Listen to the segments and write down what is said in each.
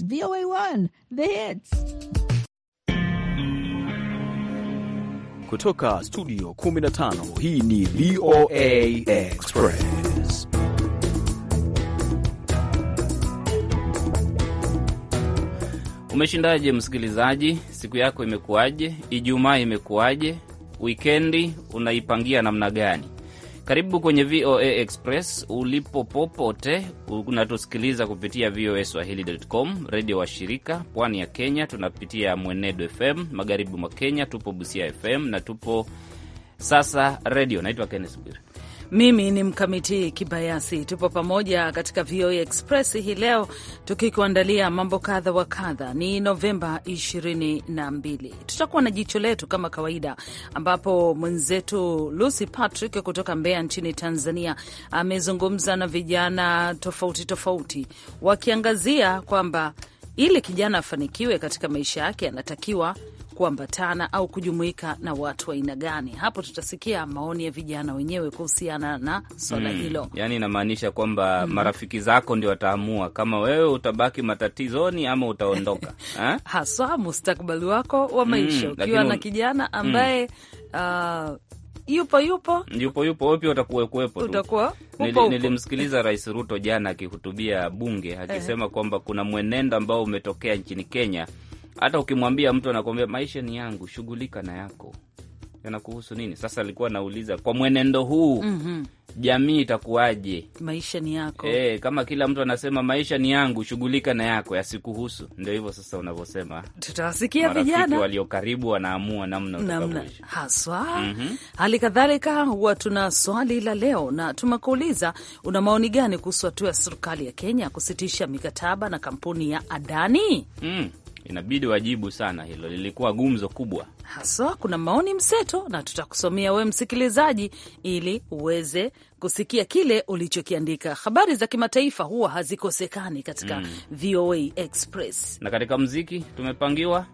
VOA1 The Hits kutoka studio 15. Hii ni VOA Express. Umeshindaje msikilizaji? Siku yako imekuwaje? Ijumaa imekuwaje? Wikendi unaipangia namna gani? Karibu kwenye VOA Express ulipo popote unatusikiliza kupitia VOA Swahili.com, redio wa shirika pwani ya Kenya. Tunapitia Mwenedo FM magharibi mwa Kenya, tupo Busia FM na tupo sasa redio. Naitwa Kennes Bwire mimi ni Mkamiti Kibayasi, tupo pamoja katika VOA Express hii leo tukikuandalia mambo kadha wa kadha. Ni Novemba 22, tutakuwa na jicho letu kama kawaida, ambapo mwenzetu Lucy Patrick kutoka Mbeya nchini Tanzania amezungumza na vijana tofauti tofauti, wakiangazia kwamba ili kijana afanikiwe katika maisha yake anatakiwa kuambatana au kujumuika na watu wa aina gani. Hapo tutasikia maoni ya vijana wenyewe kuhusiana na swala mm, hilo. Yani inamaanisha kwamba mm, marafiki zako ndio wataamua kama wewe utabaki matatizoni ama utaondoka ha? Eh? haswa mustakbali wako wa hmm, maisha mm, ukiwa na kijana hmm. ambaye mm, uh, yupo yupo yupo yupo wapya utakuwa kuwepo tu. Nili, nilimsikiliza Rais Ruto jana akihutubia bunge akisema eh. kwamba kuna mwenendo ambao umetokea nchini Kenya hata ukimwambia mtu anakuambia maisha ni yangu, shughulika na yako, yanakuhusu nini? Sasa alikuwa anauliza kwa mwenendo huu mm -hmm. jamii itakuwaje? maisha ni yako. E, kama kila mtu anasema maisha ni yangu, shughulika na yako, yasikuhusu. Ndio hivyo sasa unavyosema, tutawasikia vijana walio karibu wanaamua namna namna haswa. mm -hmm. Hali kadhalika huwa tuna swali la leo na tumekuuliza una maoni gani kuhusu hatua ya serikali ya Kenya kusitisha mikataba na kampuni ya Adani. mm inabidi wajibu sana, hilo lilikuwa gumzo kubwa haswa. Kuna maoni mseto na tutakusomea wewe msikilizaji, ili uweze kusikia kile ulichokiandika. Habari za kimataifa huwa hazikosekani katika mm, VOA Express na katika mziki tumepangiwa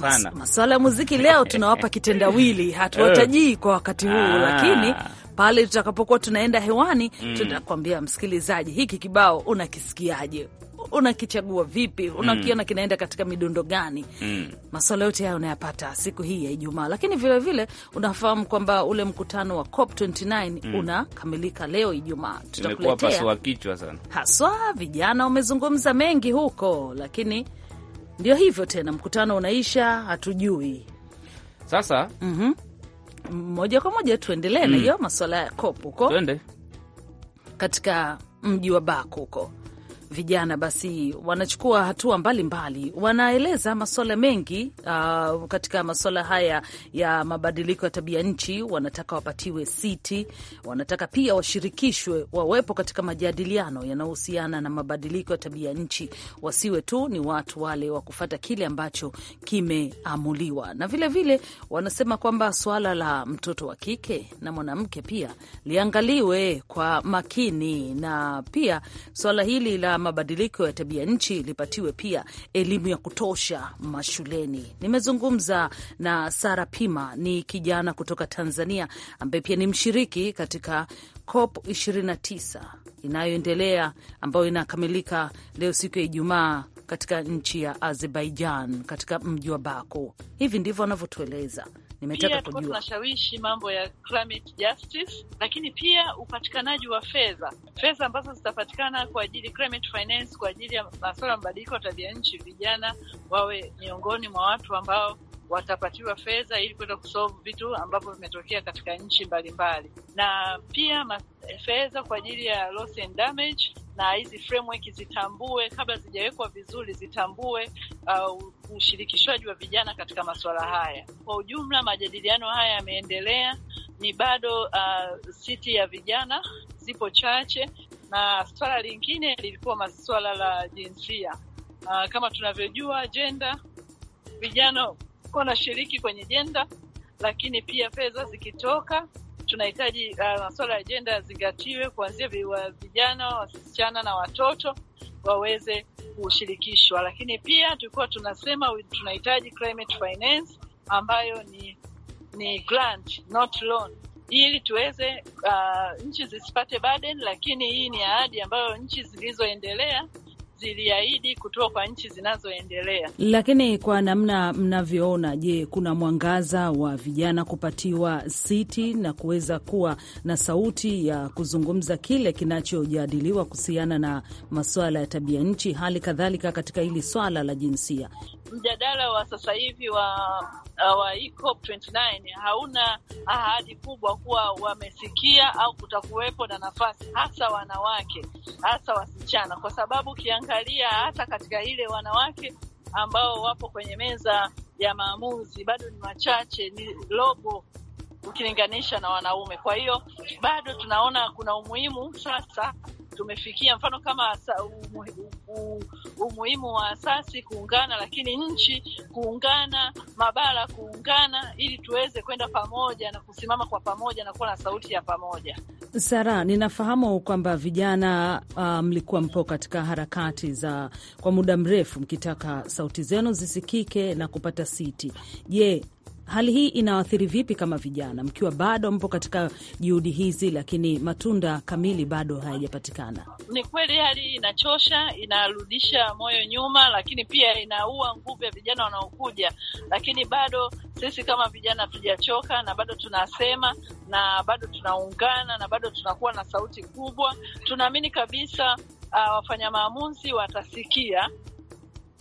sana. Mas, maswala ya muziki leo tunawapa kitendawili, hatuwatajii kwa wakati huu ah. lakini pale tutakapokuwa tunaenda hewani mm. Tunakwambia msikilizaji, hiki kibao unakisikiaje? Unakichagua vipi? Unakiona mm. kinaenda katika midundo gani? mm. Maswala yote haya unayapata siku hii ya Ijumaa, lakini vilevile unafahamu kwamba ule mkutano wa COP 29 mm. unakamilika leo Ijumaa. Tutakuletea kichwa sana haswa, vijana wamezungumza mengi huko, lakini ndio hivyo tena, mkutano unaisha, hatujui sasa. mm -hmm. moja kwa moja tuendelee na mm. hiyo mm. masuala ya COP huko katika mji wa Baku huko vijana basi wanachukua hatua mbalimbali, wanaeleza masuala mengi uh, katika masuala haya ya mabadiliko ya tabia nchi. Wanataka wapatiwe siti, wanataka pia washirikishwe, wawepo katika majadiliano yanayohusiana na mabadiliko ya tabia nchi, wasiwe tu ni watu wale wa kufata kile ambacho kimeamuliwa. Na vilevile vile, wanasema kwamba suala la mtoto wa kike na mwanamke pia liangaliwe kwa makini, na pia suala hili la mabadiliko ya tabia nchi lipatiwe pia elimu ya kutosha mashuleni. Nimezungumza na Sara Pima, ni kijana kutoka Tanzania ambaye pia ni mshiriki katika COP 29 inayoendelea ambayo inakamilika leo siku ya Ijumaa katika nchi ya Azerbaijan katika mji wa Baku. Hivi ndivyo anavyotueleza Nimetaka kujua tunashawishi mambo ya climate justice, lakini pia upatikanaji wa fedha, fedha ambazo zitapatikana kwa ajili climate finance, kwa ajili ya masuala ya mabadiliko ya tabia nchi, vijana wawe miongoni mwa watu ambao watapatiwa fedha ili kuweza kusolve vitu ambavyo vimetokea katika nchi mbalimbali, na pia fedha kwa ajili ya loss and damage na hizi framework zitambue, kabla zijawekwa vizuri, zitambue uh, ushirikishwaji wa vijana katika masuala haya kwa ujumla. Majadiliano haya yameendelea, ni bado uh, siti ya vijana zipo chache, na swala lingine lilikuwa masuala la jinsia. Uh, kama tunavyojua jenda, vijana wanashiriki kwenye jenda, lakini pia fedha zikitoka tunahitaji uh, masuala ya jenda yazingatiwe kuanzia vijana, wasichana na watoto waweze kushirikishwa, lakini pia tulikuwa tunasema tunahitaji climate finance ambayo ni ni grant not loan, ili tuweze uh, nchi zisipate burden, lakini hii ni ahadi ambayo nchi zilizoendelea ziliahidi kutoa kwa nchi zinazoendelea. Lakini kwa namna mnavyoona, je, kuna mwangaza wa vijana kupatiwa siti na kuweza kuwa na sauti ya kuzungumza kile kinachojadiliwa kuhusiana na masuala ya tabia nchi, hali kadhalika katika hili swala la jinsia? Mjadala wa sasa hivi wa Uh, wa 29 hauna ahadi kubwa kuwa wamesikia au kutakuwepo na nafasi, hasa wanawake, hasa wasichana, kwa sababu ukiangalia hata katika ile wanawake ambao wapo kwenye meza ya maamuzi bado ni wachache, ni robo ukilinganisha na wanaume. Kwa hiyo bado tunaona kuna umuhimu sasa tumefikia mfano kama sa, u, u, u, umuhimu wa asasi kuungana, lakini nchi kuungana, mabara kuungana, ili tuweze kwenda pamoja na kusimama kwa pamoja na kuwa na sauti ya pamoja. Sara, ninafahamu kwamba vijana uh, mlikuwa mpo katika harakati za kwa muda mrefu mkitaka sauti zenu zisikike na kupata siti. Je, hali hii inawaathiri vipi kama vijana, mkiwa bado mpo katika juhudi hizi, lakini matunda kamili bado hayajapatikana? Ni kweli hali hii inachosha, inarudisha moyo nyuma, lakini pia inaua nguvu ya vijana wanaokuja, lakini bado sisi kama vijana hatujachoka, na bado tunasema na bado tunaungana na bado tunakuwa na sauti kubwa. Tunaamini kabisa uh, wafanya maamuzi watasikia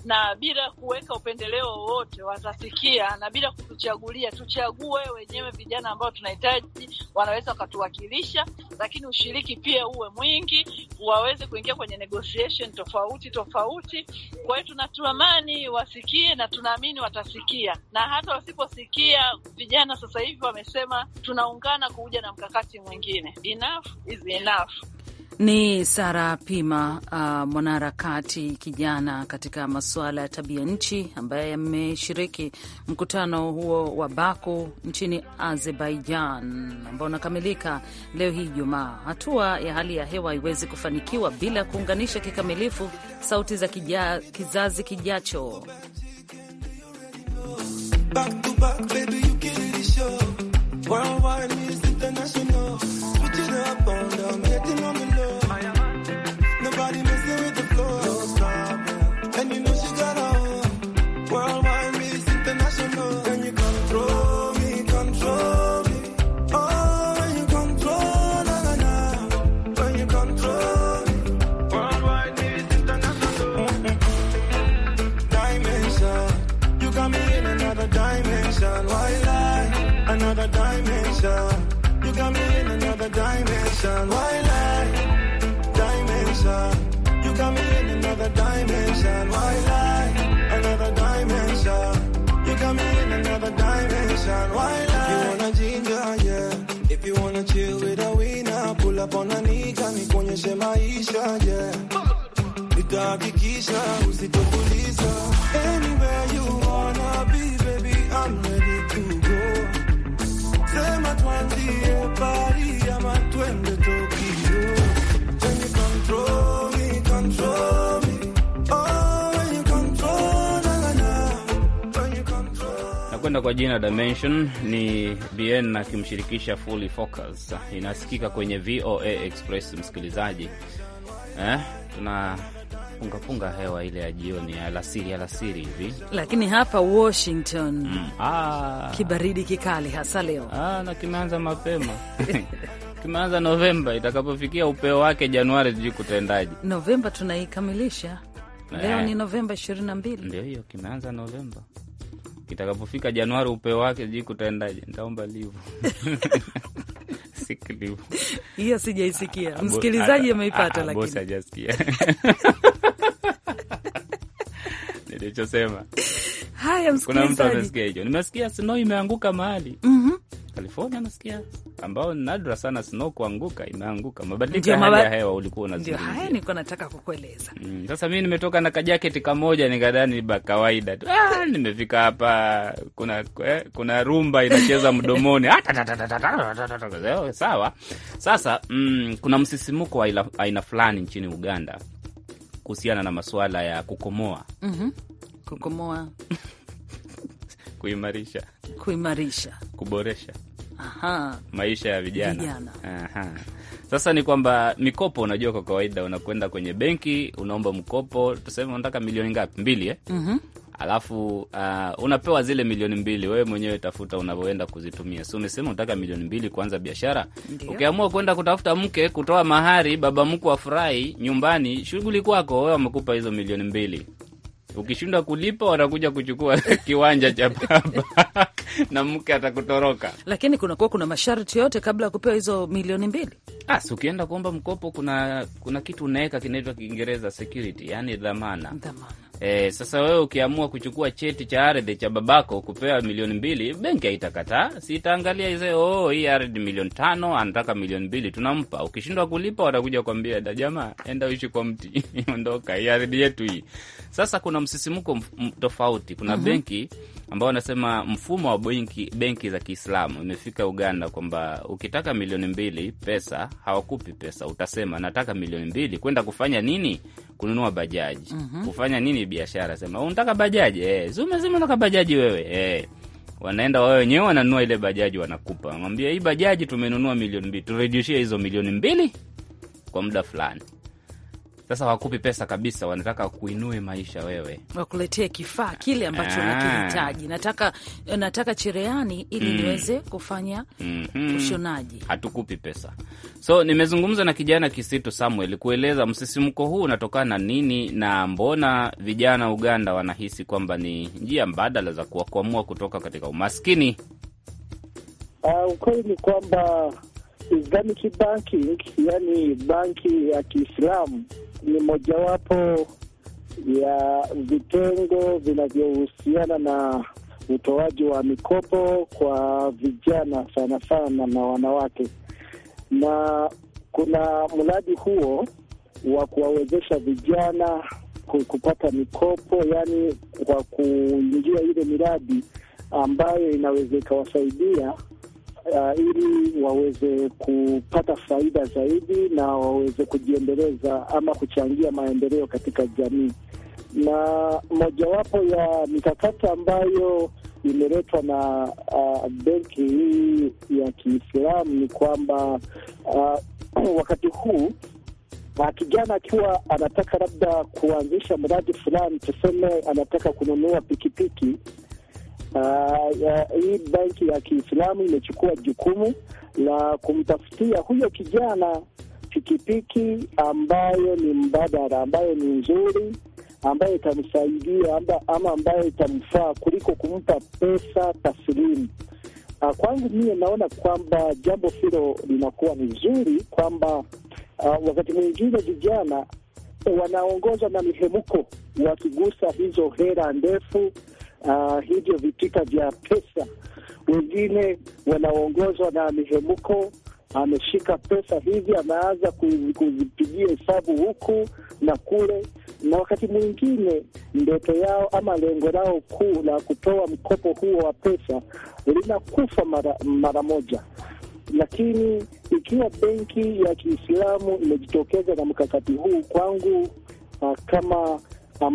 na bila kuweka upendeleo wowote watasikia, na bila kutuchagulia. Tuchague wenyewe vijana ambao tunahitaji, wanaweza wakatuwakilisha, lakini ushiriki pia uwe mwingi, waweze kuingia kwenye negotiation tofauti tofauti. Kwa hiyo tunatamani wasikie na tunaamini watasikia, na hata wasiposikia, vijana sasa hivi wamesema tunaungana kuja na mkakati mwingine. Enough is enough. Ni Sara Pima, uh, mwanaharakati kijana katika masuala ya tabia nchi ambaye ameshiriki mkutano huo wa Baku nchini Azerbaijan ambao unakamilika leo hii Jumaa. Hatua ya hali ya hewa haiwezi kufanikiwa bila kuunganisha kikamilifu sauti za kija, kizazi kijacho. back to back, baby, you dimension, why lie? Dimension, you got me in another dimension, why lie? Another dimension, you got me in another dimension, why lie? You wanna ginger, yeah. If you wanna chill with a winner, pull up on a nigga, nikuonyeshe maisha, yeah. Nitahakikisha usitokuliza. Anywhere you wanna be, baby, I'm ready to go. Sema tuanzie pale. Oh, Nakwenda kwa jina Dimension ni BN akimshirikisha Fully Focus, inasikika kwenye VOA Express. Msikilizaji eh, tuna pungapunga hewa ile ya jioni ya alasiri alasiri hivi, lakini hapa Washington mm. ah. kibaridi kikali hasa leo ah, na kimeanza mapema Tumeanza Novemba, itakapofikia upeo wake Januari sijui kutendaje. Novemba tunaikamilisha leo eh. Ni Novemba ishirini na mbili, ndio hiyo kimeanza Novemba itakapofika Januari upeo wake sijui kutendaje, nitaomba livu siklivu hiyo sijaisikia, ah, msikilizaji ah, ameipata ah, lakini bosi hajasikia nilichosema. Haya, msikilizaji, kuna mtu amesikia hicho, nimesikia snow imeanguka mahali mm -hmm. California nasikia, ambao nadra sana snow kuanguka, imeanguka. Mabadiliko ya hali ya hewa ulikuwa unazungumzia. Ndio haya nilikuwa nataka kukueleza. Mm, sasa mimi nimetoka na kajaketi kamoja nikadhani ba kawaida tu. Ah, nimefika hapa kuna eh, kuna rumba inacheza mdomoni. Sawa. Sasa mm, kuna msisimuko wa aina fulani nchini Uganda kuhusiana na masuala ya kukomoa. Mhm. Mm kukomoa kuimarisha, kuimarisha, kuboresha Aha. maisha ya vijana, vijana. Aha. Sasa ni kwamba mikopo, unajua, kwa kawaida unakwenda kwenye benki unaomba mkopo, tuseme unataka milioni ngapi? Mbili eh? mm -hmm. Alafu uh, unapewa zile milioni mbili, wewe mwenyewe tafuta unavyoenda kuzitumia. Si umesema unataka milioni mbili kuanza biashara? Ukiamua kwenda kutafuta mke, kutoa mahari, baba mkwe afurahi nyumbani, shughuli kwako wewe, wamekupa hizo milioni mbili Ukishindwa kulipa watakuja kuchukua kiwanja cha baba na mke atakutoroka. Lakini kunakuwa kuna masharti yote kabla ya kupewa hizo milioni mbili. Ah, ukienda kuomba mkopo kuna kuna kitu unaweka kinaitwa Kiingereza security, yani dhamana, dhamana. E, sasa wewe ukiamua kuchukua cheti cha ardhi cha babako kupewa milioni mbili, benki haitakataa, si itaangalia ize, oh, hii ardhi milioni tano, anataka milioni mbili, tunampa. Ukishindwa kulipa watakuja kuambia da, jamaa enda uishi kwa mti ondoka, hii ardhi yetu hii. Sasa kuna msisimko tofauti. Kuna mm -hmm. benki ambao wanasema mfumo wa benki, benki za Kiislamu imefika Uganda kwamba ukitaka milioni mbili pesa hawakupi pesa, utasema nataka milioni mbili kwenda kufanya nini? Kununua bajaji mm -hmm. kufanya nini biashara, sema unataka bajaji eh, Zuma sema unataka bajaji wewe eh, wanaenda wao wenyewe wananunua ile bajaji, wanakupa mwambia, hii bajaji tumenunua milioni mbili, turejeshie hizo milioni mbili kwa muda fulani. Sasa wakupi pesa kabisa, wanataka kuinue maisha wewe, wakuletee kifaa kile ambacho ah. unakihitaji. Nataka, nataka cherehani ili mm. niweze mm. kufanya mm -hmm. ushonaji, hatukupi pesa. So nimezungumza na kijana Kisitu Samuel kueleza msisimko huu unatokana na nini na mbona vijana Uganda wanahisi kwamba ni njia mbadala za kuwakwamua kutoka katika umaskini. Uh, ukweli ni kwamba Islamic banking, yani banki ya Kiislamu ni mojawapo ya vitengo vinavyohusiana na utoaji wa mikopo kwa vijana sana sana na wanawake, na kuna mradi huo wa kuwawezesha vijana kupata mikopo, yani kwa kuingia ile miradi ambayo inaweza ikawasaidia uh, ili waweze kupata faida zaidi na waweze kujiendeleza ama kuchangia maendeleo katika jamii. Na mojawapo ya mikakati ambayo imeletwa na uh, benki hii ya Kiislamu ni kwamba uh, wakati huu na uh, kijana akiwa anataka labda kuanzisha mradi fulani, tuseme anataka kununua pikipiki piki. Uh, hii benki ya Kiislamu imechukua jukumu la kumtafutia huyo kijana pikipiki ambayo ni mbadala, ambayo ni nzuri, ambayo itamsaidia amba, ama ambayo itamfaa kuliko kumpa pesa taslimu. Uh, kwangu mie naona kwamba jambo hilo linakuwa ni zuri kwamba uh, wakati mwingine vijana wanaongozwa na mihemuko wakigusa hizo hera ndefu uh, hivyo vitita vya pesa. Wengine wanaongozwa na mihemko, ameshika pesa hivi, anaanza kuzipigia hesabu huku na kule, na wakati mwingine ndoto yao ama lengo lao kuu la kutoa mkopo huo wa pesa linakufa mara, mara moja. Lakini ikiwa benki ya Kiislamu imejitokeza na mkakati huu, kwangu ah, kama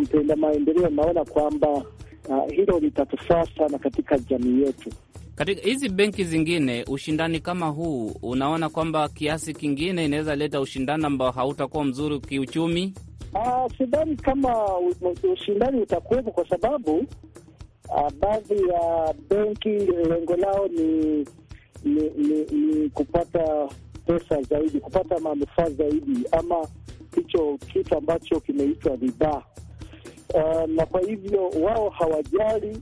mpenda maendeleo, naona kwamba uh, hilo litatufaa sana katika jamii yetu. Katika hizi benki zingine, ushindani kama huu, unaona kwamba kiasi kingine inaweza leta ushindani ambao hautakuwa mzuri kiuchumi? Uh, sidhani kama ushindani utakuwepo kwa sababu uh, baadhi ya benki lengo lao ni ni, ni ni kupata pesa zaidi, kupata manufaa zaidi, ama hicho kitu ambacho kimeitwa riba uh, na kwa hivyo wao hawajali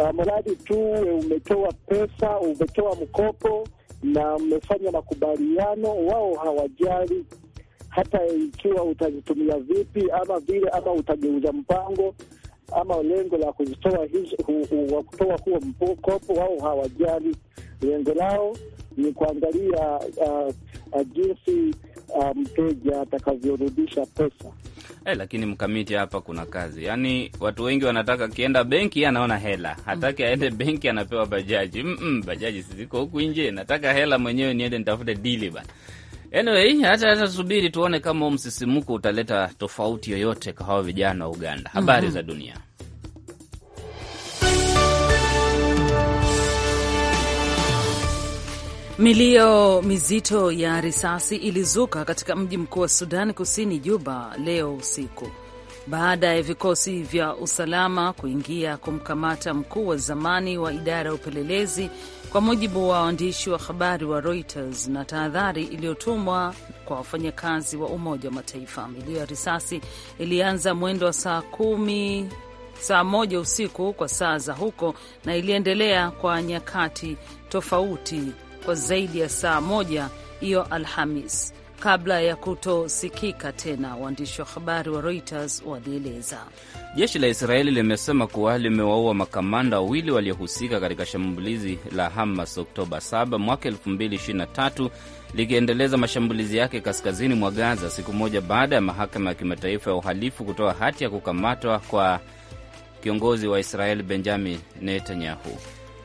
uh, mradi tu umetoa pesa, umetoa mkopo na umefanya makubaliano, wao hawajali hata ikiwa utazitumia vipi ama vile ama utageuza mpango ama lengo la kuzitoa hizo wa kutoa huo mkopo, wao hawajali. Lengo lao ni kuangalia uh, uh, jinsi uh, mteja atakavyorudisha pesa. Eh, lakini mkamiti hapa kuna kazi, yaani watu wengi wanataka akienda benki anaona hela, hataki aende mm. benki anapewa bajaji. Mm -mm, bajaji siziko huku nje, nataka hela mwenyewe niende nitafute dili bana. Anyway, hata hata subiri tuone kama msisimuko utaleta tofauti yoyote kwa hawa vijana wa Uganda. Habari mm -hmm. za dunia Milio mizito ya risasi ilizuka katika mji mkuu wa Sudani Kusini, Juba, leo usiku baada ya vikosi vya usalama kuingia kumkamata mkuu wa zamani wa idara ya upelelezi, kwa mujibu wa waandishi wa habari wa Reuters na tahadhari iliyotumwa kwa wafanyakazi wa Umoja wa Mataifa. Milio ya risasi ilianza mwendo wa saa kumi saa moja usiku kwa saa za huko na iliendelea kwa nyakati tofauti kwa zaidi ya saa moja hiyo Alhamis kabla ya kutosikika tena, waandishi wa habari wa Reuters walieleza. Jeshi la Israeli limesema kuwa limewaua makamanda wawili waliohusika katika shambulizi la Hamas Oktoba 7 mwaka 2023 likiendeleza mashambulizi yake kaskazini mwa Gaza siku moja baada ya mahakama ya kimataifa ya uhalifu kutoa hati ya kukamatwa kwa kiongozi wa Israeli Benjamin Netanyahu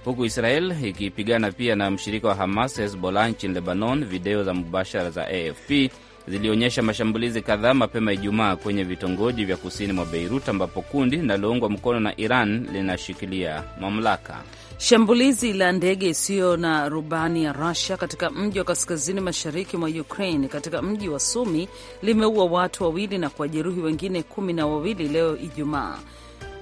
huku Israel ikipigana pia na mshirika wa Hamas, Hezbollah nchini Lebanon. Video za mubashara za AFP zilionyesha mashambulizi kadhaa mapema Ijumaa kwenye vitongoji vya kusini mwa Beirut ambapo kundi linaloungwa mkono na Iran linashikilia mamlaka. Shambulizi la ndege isiyo na rubani ya rusia katika mji wa kaskazini mashariki mwa Ukraine, katika mji wa Sumi, limeua watu wawili na kuwajeruhi wengine kumi na wawili leo Ijumaa.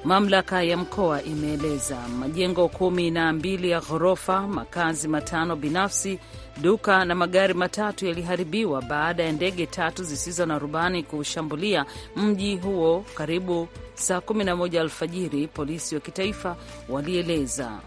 Mamlaka ya mkoa imeeleza majengo kumi na mbili ya ghorofa, makazi matano binafsi, duka na magari matatu yaliharibiwa baada ya ndege tatu zisizo na rubani kushambulia mji huo karibu saa 11 alfajiri, polisi wa kitaifa walieleza.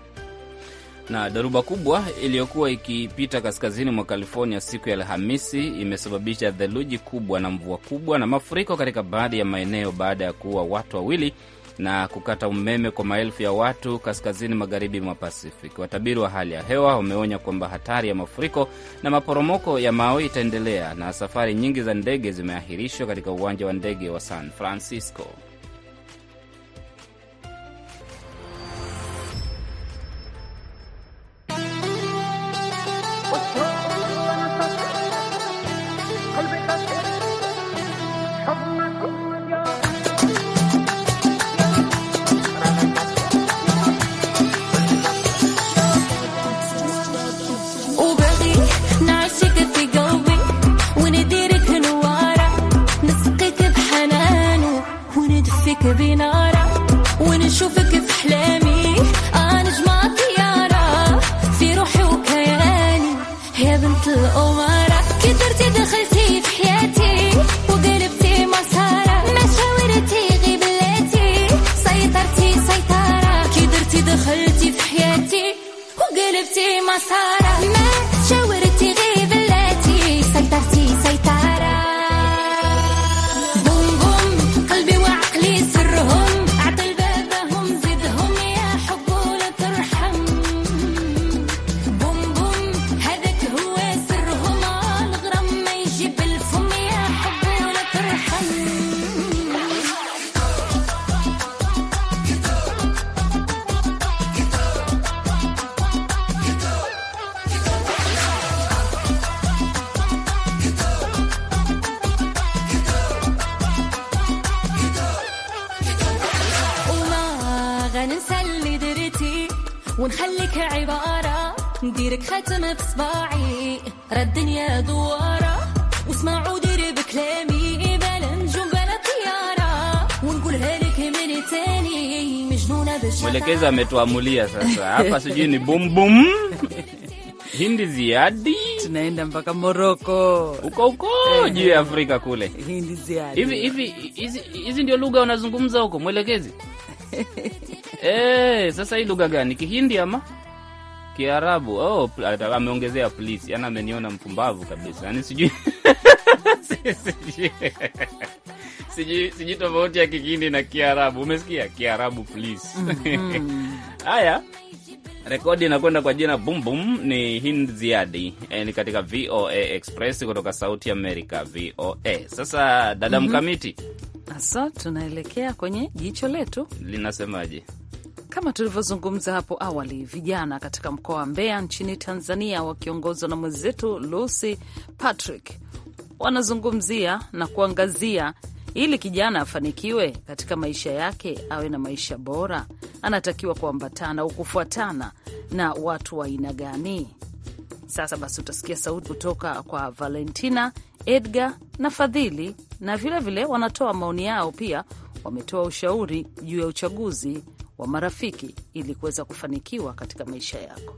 Na dharuba kubwa iliyokuwa ikipita kaskazini mwa California siku ya Alhamisi imesababisha theluji kubwa na mvua kubwa na mafuriko katika baadhi ya maeneo baada ya kuua watu wawili na kukata umeme kwa maelfu ya watu kaskazini magharibi mwa Pasifiki. Watabiri wa hali ya hewa wameonya kwamba hatari ya mafuriko na maporomoko ya mawe itaendelea na safari nyingi za ndege zimeahirishwa katika uwanja wa ndege wa San Francisco. Sara. Mwelekezi ametuamulia sasa hapa, sijui ni bumbum Hindi ziadi, tunaenda mpaka Moroko huko huko eh, juu ya Afrika kule. Hindi ziadi hivi hivi, hizi ndio lugha wanazungumza huko mwelekezi. E, sasa hii lugha gani? Kihindi ama Kiarabu? Oh, ameongezea please, yani ameniona mpumbavu kabisa, yani sijui sijui sijui tofauti ya Kikindi na Kiarabu. Umesikia Kiarabu please. Mhm. Haya, rekodi inakwenda kwa jina Bumbum. Ni Hind Ziadi e, ni katika VOA Express kutoka Sauti Amerika VOA. Sasa dada mhm. Mkamiti, mm -hmm. Asa tunaelekea kwenye jicho letu linasemaje? Kama tulivyozungumza hapo awali, vijana katika mkoa wa Mbeya nchini Tanzania wakiongozwa na mwenzetu Lucy Patrick wanazungumzia na kuangazia ili kijana afanikiwe katika maisha yake, awe na maisha bora, anatakiwa kuambatana au kufuatana na watu wa aina gani? Sasa basi, utasikia sauti kutoka kwa Valentina, Edgar na Fadhili, na vilevile vile wanatoa maoni yao. Pia wametoa ushauri juu ya uchaguzi wa marafiki ili kuweza kufanikiwa katika maisha yako.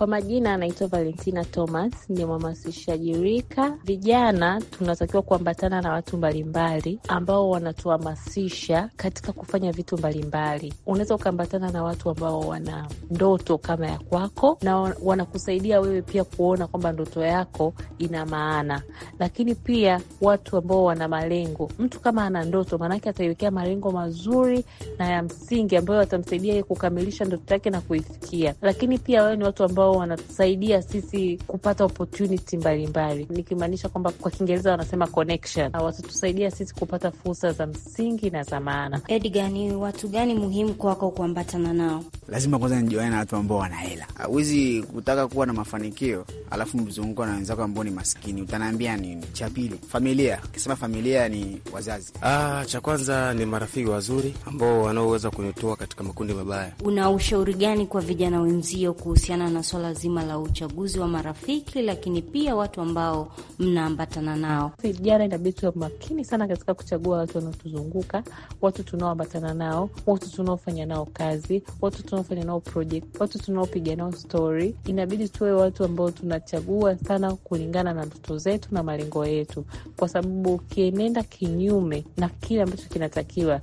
Kwa majina anaitwa Valentina Thomas, ni mhamasishaji rika. Vijana tunatakiwa kuambatana na watu mbalimbali ambao wanatuhamasisha katika kufanya vitu mbalimbali. Unaweza ukaambatana na watu ambao wana ndoto kama ya kwako na wanakusaidia wewe pia kuona kwamba ndoto yako ina maana, lakini pia watu ambao wana malengo. Mtu kama ana ndoto, maanake ataiwekea malengo mazuri na ya msingi ambayo atamsaidia yeye kukamilisha ndoto yake na kuifikia. Lakini pia wewe ni watu ambao ambao wanatusaidia sisi kupata opportunity mbalimbali, nikimaanisha kwamba kwa Kiingereza wanasema connection, watatusaidia sisi kupata fursa za msingi na za maana. Edgar, ni watu gani muhimu kwako kuambatana nao? lazima kwanza nijuane na watu ambao wana hela. Huwezi kutaka kuwa na mafanikio alafu mzunguko na wenzako ambao ni maskini, utanaambia nini? Cha pili, familia. Ukisema familia ni wazazi. Ah, cha kwanza ni marafiki wazuri ambao wanaoweza kunitoa katika makundi mabaya. Una ushauri gani kwa vijana wenzio kuhusiana na swala zima la uchaguzi wa marafiki, lakini pia watu ambao mnaambatana nao? Vijana inabidi tuwe makini sana katika kuchagua watu wanaotuzunguka, watu tunaoambatana nao, watu tunaofanya nao kazi, watu tunaofanya nao project, watu tunaopiga nao stori, inabidi tuwe watu ambao tunachagua sana kulingana na ndoto zetu na malengo yetu, kwa sababu ukienenda kinyume na kile ambacho kinatakiwa,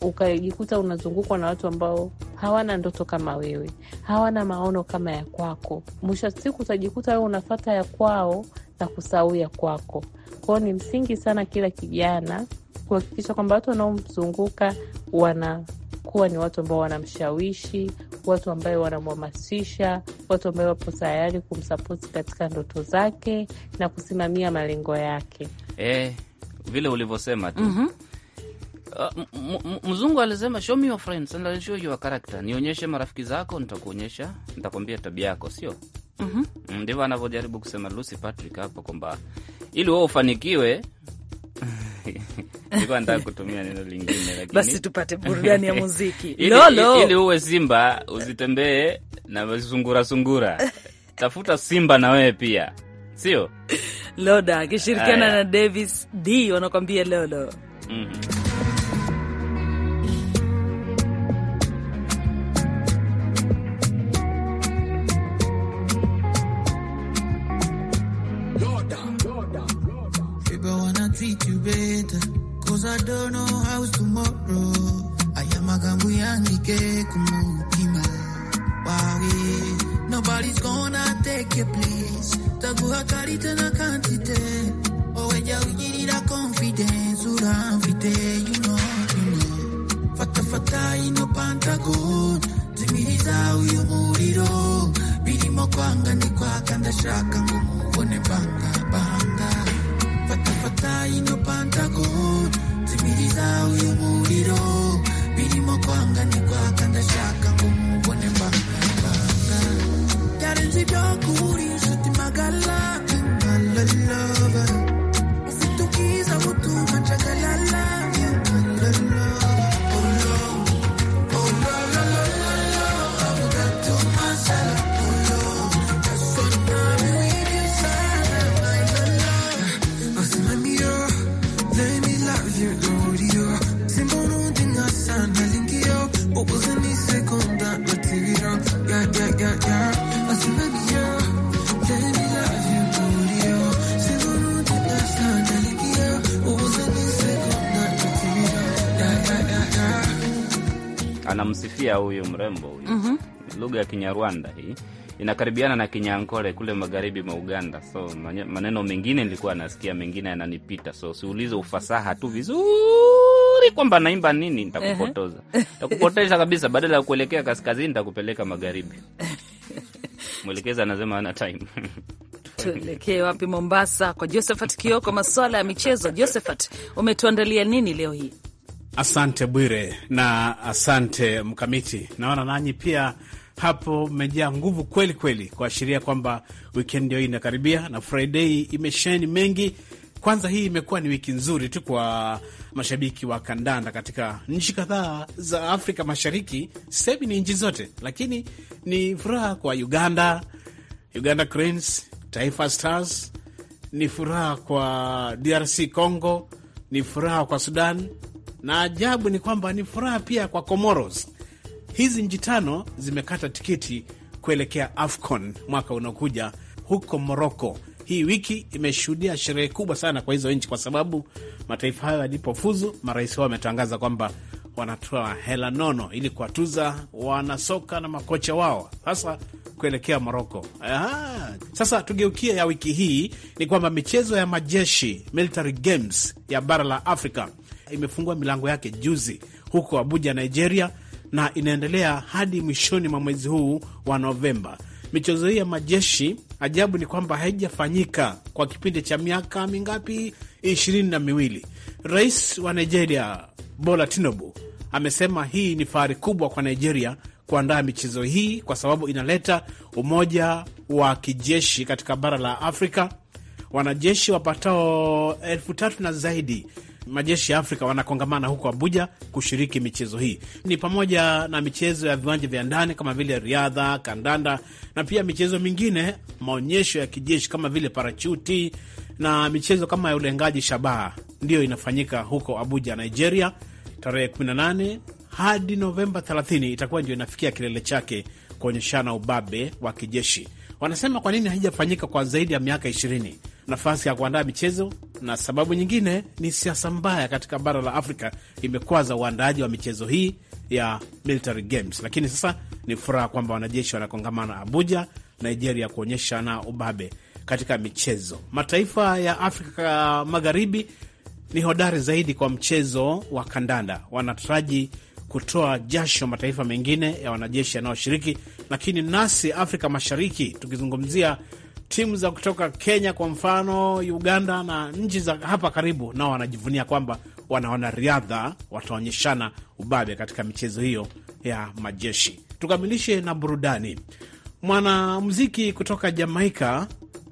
ukajikuta uka unazungukwa na watu ambao hawana ndoto kama wewe, hawana maono kama ya kwako, mwisho wa siku utajikuta wewe unafata ya kwao na kusahau ya kwako. Kwao ni msingi sana kila kijana kuhakikisha kwamba watu wanaomzunguka wana kuwa ni watu ambao wanamshawishi, watu ambayo wanamhamasisha, watu ambayo wapo tayari kumsapoti katika ndoto zake na kusimamia malengo yake. Eh, vile ulivyosema tu. mm -hmm. Uh, mzungu alisema show me your friends and I'll show you character, nionyeshe marafiki zako, nitakuonyesha, nitakwambia tabia yako, sio? Mhm. mm -hmm. Ndivyo anavyojaribu kusema Lucy Patrick hapa kwamba ili wewe ufanikiwe nilikuwa nataka kutumia neno lingine lakini... Basi tupate burudani ya muziki Lolo. Ili, ili uwe simba uzitembee na sungura sungura, tafuta simba na wewe pia, sio Loda akishirikiana na Davis D wanakwambia Lolo. mm -hmm. don't know how's tomorrow. Aya magambo yandike kuma huyu mrembo huyu mm -hmm. lugha ya Kinyarwanda hii inakaribiana na Kinyankole kule magharibi mwa Uganda, so maneno mengine nilikuwa nasikia, mengine yananipita, so siulize ufasaha tu vizuri kwamba naimba nini, nitakupotoza ntakupoteza kabisa. Badala ya kuelekea kaskazini, ntakupeleka magharibi. Mwelekezi anasema ana time Tuelekee wapi? Mombasa, kwa Josephat Kioko, masuala ya michezo. Josephat, umetuandalia nini leo hii? Asante Bwire na asante Mkamiti. Naona nanyi pia hapo mmejaa nguvu kweli kweli, kuashiria kwamba wikendi ndio inakaribia na Friday imesheni mengi. Kwanza hii imekuwa ni wiki nzuri tu kwa mashabiki wa kandanda katika nchi kadhaa za Afrika Mashariki, sehemu ni nchi zote, lakini ni furaha kwa Uganda, Uganda Cranes, Taifa Stars, ni furaha kwa DRC Congo, ni furaha kwa Sudan, na ajabu ni kwamba ni furaha pia kwa Comoros. Hizi nchi tano zimekata tiketi kuelekea AFCON mwaka unaokuja huko Moroko. Hii wiki imeshuhudia sherehe kubwa sana kwa hizo nchi, kwa sababu mataifa hayo yalipofuzu, marais wao wametangaza kwamba wanatoa hela nono ili kuwatuza wanasoka na makocha wao. Sasa kuelekea Moroko. Aha. Sasa tugeukie ya wiki hii ni kwamba michezo ya majeshi military games ya bara la Afrika imefungua milango yake juzi huko Abuja, Nigeria, na inaendelea hadi mwishoni mwa mwezi huu wa Novemba. Michezo hii ya majeshi, ajabu ni kwamba haijafanyika kwa kipindi cha miaka mingapi, ishirini na miwili. Rais wa Nigeria Bola Tinubu amesema hii ni fahari kubwa kwa Nigeria kuandaa michezo hii kwa sababu inaleta umoja wa kijeshi katika bara la Afrika. Wanajeshi wapatao elfu tatu na zaidi majeshi ya Afrika wanakongamana huko Abuja kushiriki michezo hii, ni pamoja na michezo ya viwanja vya ndani kama vile riadha, kandanda na pia michezo mingine, maonyesho ya kijeshi kama vile parachuti na michezo kama ya ulengaji shabaha. Ndiyo inafanyika huko Abuja, Nigeria, tarehe 18 hadi Novemba 30 itakuwa ndio inafikia kilele chake kuonyeshana ubabe wa kijeshi. Wanasema kwa nini haijafanyika kwa zaidi ya miaka 20? Nafasi ya kuandaa michezo na sababu nyingine ni siasa mbaya katika bara la Afrika imekwaza uandaaji wa michezo hii ya military games, lakini sasa ni furaha kwamba wanajeshi wanakongamana Abuja, Nigeria, kuonyesha na ubabe katika michezo. Mataifa ya Afrika Magharibi ni hodari zaidi kwa mchezo wa kandanda, wanataraji kutoa jasho mataifa mengine ya wanajeshi yanayoshiriki, lakini nasi Afrika Mashariki tukizungumzia timu za kutoka Kenya kwa mfano, Uganda na nchi za hapa karibu, nao wanajivunia kwamba wana wanariadha wataonyeshana ubabe katika michezo hiyo ya majeshi. Tukamilishe na burudani. Mwanamuziki kutoka Jamaika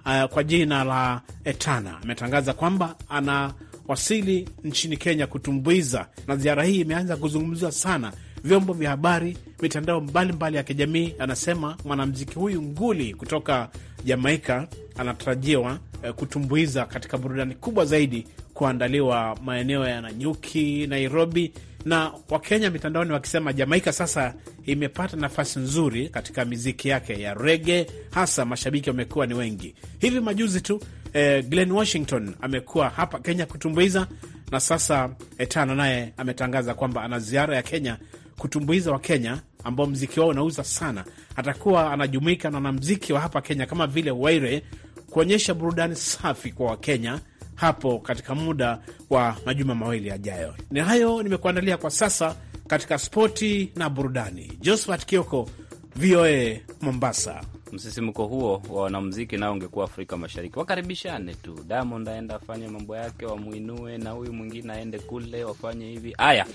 uh, kwa jina la Etana ametangaza kwamba anawasili nchini Kenya kutumbuiza, na ziara hii imeanza kuzungumziwa sana vyombo vya habari, mitandao mbalimbali mbali ya kijamii. Anasema mwanamuziki huyu nguli kutoka Jamaika anatarajiwa eh, kutumbuiza katika burudani kubwa zaidi kuandaliwa maeneo ya Nanyuki, Nairobi na Wakenya mitandaoni wakisema Jamaika sasa imepata nafasi nzuri katika miziki yake ya rege, hasa mashabiki wamekuwa ni wengi. Hivi majuzi tu eh, Glen Washington amekuwa hapa Kenya kutumbuiza, na sasa Etano eh, naye ametangaza kwamba ana ziara ya Kenya kutumbuiza Wakenya ambao mziki wao unauza sana, atakuwa anajumuika na wanamziki wa hapa Kenya kama vile Waire kuonyesha burudani safi kwa Wakenya hapo katika muda wa majuma mawili yajayo. Ni hayo nimekuandalia kwa sasa katika spoti na burudani. Josephat Kioko, VOA Mombasa. Msisimko huo wa wanamziki nao ungekuwa Afrika Mashariki, wakaribishane tu. Diamond aenda afanye mambo yake, wamwinue na huyu mwingine aende kule, wafanye hivi. Haya,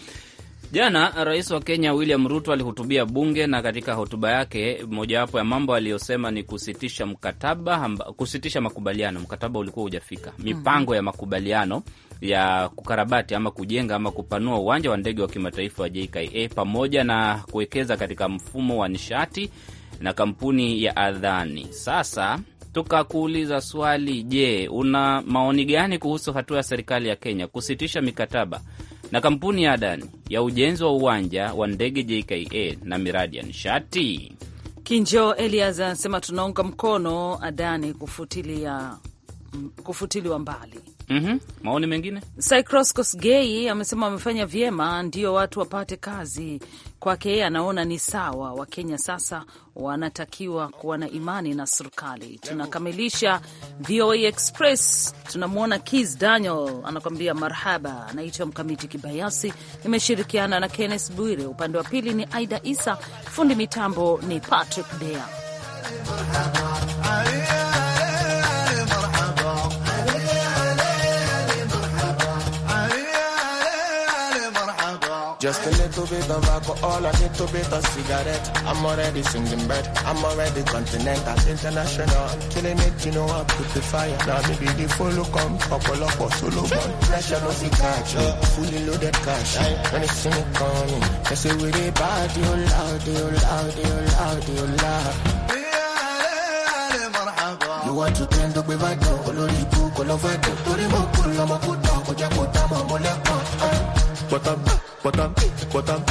Jana rais wa Kenya William Ruto alihutubia bunge, na katika hotuba yake mojawapo ya mambo aliyosema ni kusitisha mkataba amba, kusitisha makubaliano, mkataba ulikuwa hujafika, mm. mipango ya makubaliano ya kukarabati ama kujenga ama kupanua uwanja wa ndege wa kimataifa wa JKIA pamoja na kuwekeza katika mfumo wa nishati na kampuni ya Adani. Sasa tukakuuliza swali, je, una maoni gani kuhusu hatua ya serikali ya Kenya kusitisha mikataba na kampuni ya Adani ya ujenzi wa uwanja wa ndege JKA na miradi ya nishati. Kinjo Elias anasema tunaunga mkono Adani kufutilia kufutiliwa mbali. Mm -hmm. Maoni mengine, Cycroscos Gay amesema amefanya vyema, ndio watu wapate kazi. Kwake yeye anaona ni sawa. Wakenya sasa wanatakiwa kuwa na imani na serikali. Tunakamilisha VOA Express. Tunamwona Kis Daniel anakuambia marhaba. Anaitwa Mkamiti Kibayasi, nimeshirikiana na Kenneth Bwire. Upande wa pili ni Aida Isa, fundi mitambo ni Patrick Dea. Just a little bit of alcohol, a little bit of cigarette. I'm already singing bird, I'm already continental, international. killing it, you know I put the fire. Now me be the full come, couple up or solo one. Pressure no see catch, fully loaded cash. When it's see me coming, they say we the bad, you loud, you loud, you loud, you loud. You want to tend to be right now, olórí ikú kò lọ fẹ́ dé. Torí mo kú lọ́mọ kú tán, kò jẹ́ kó dá mọ̀ mọ́lẹ́kọ̀ọ́. Pọ̀tàbí. Bottom, bottom.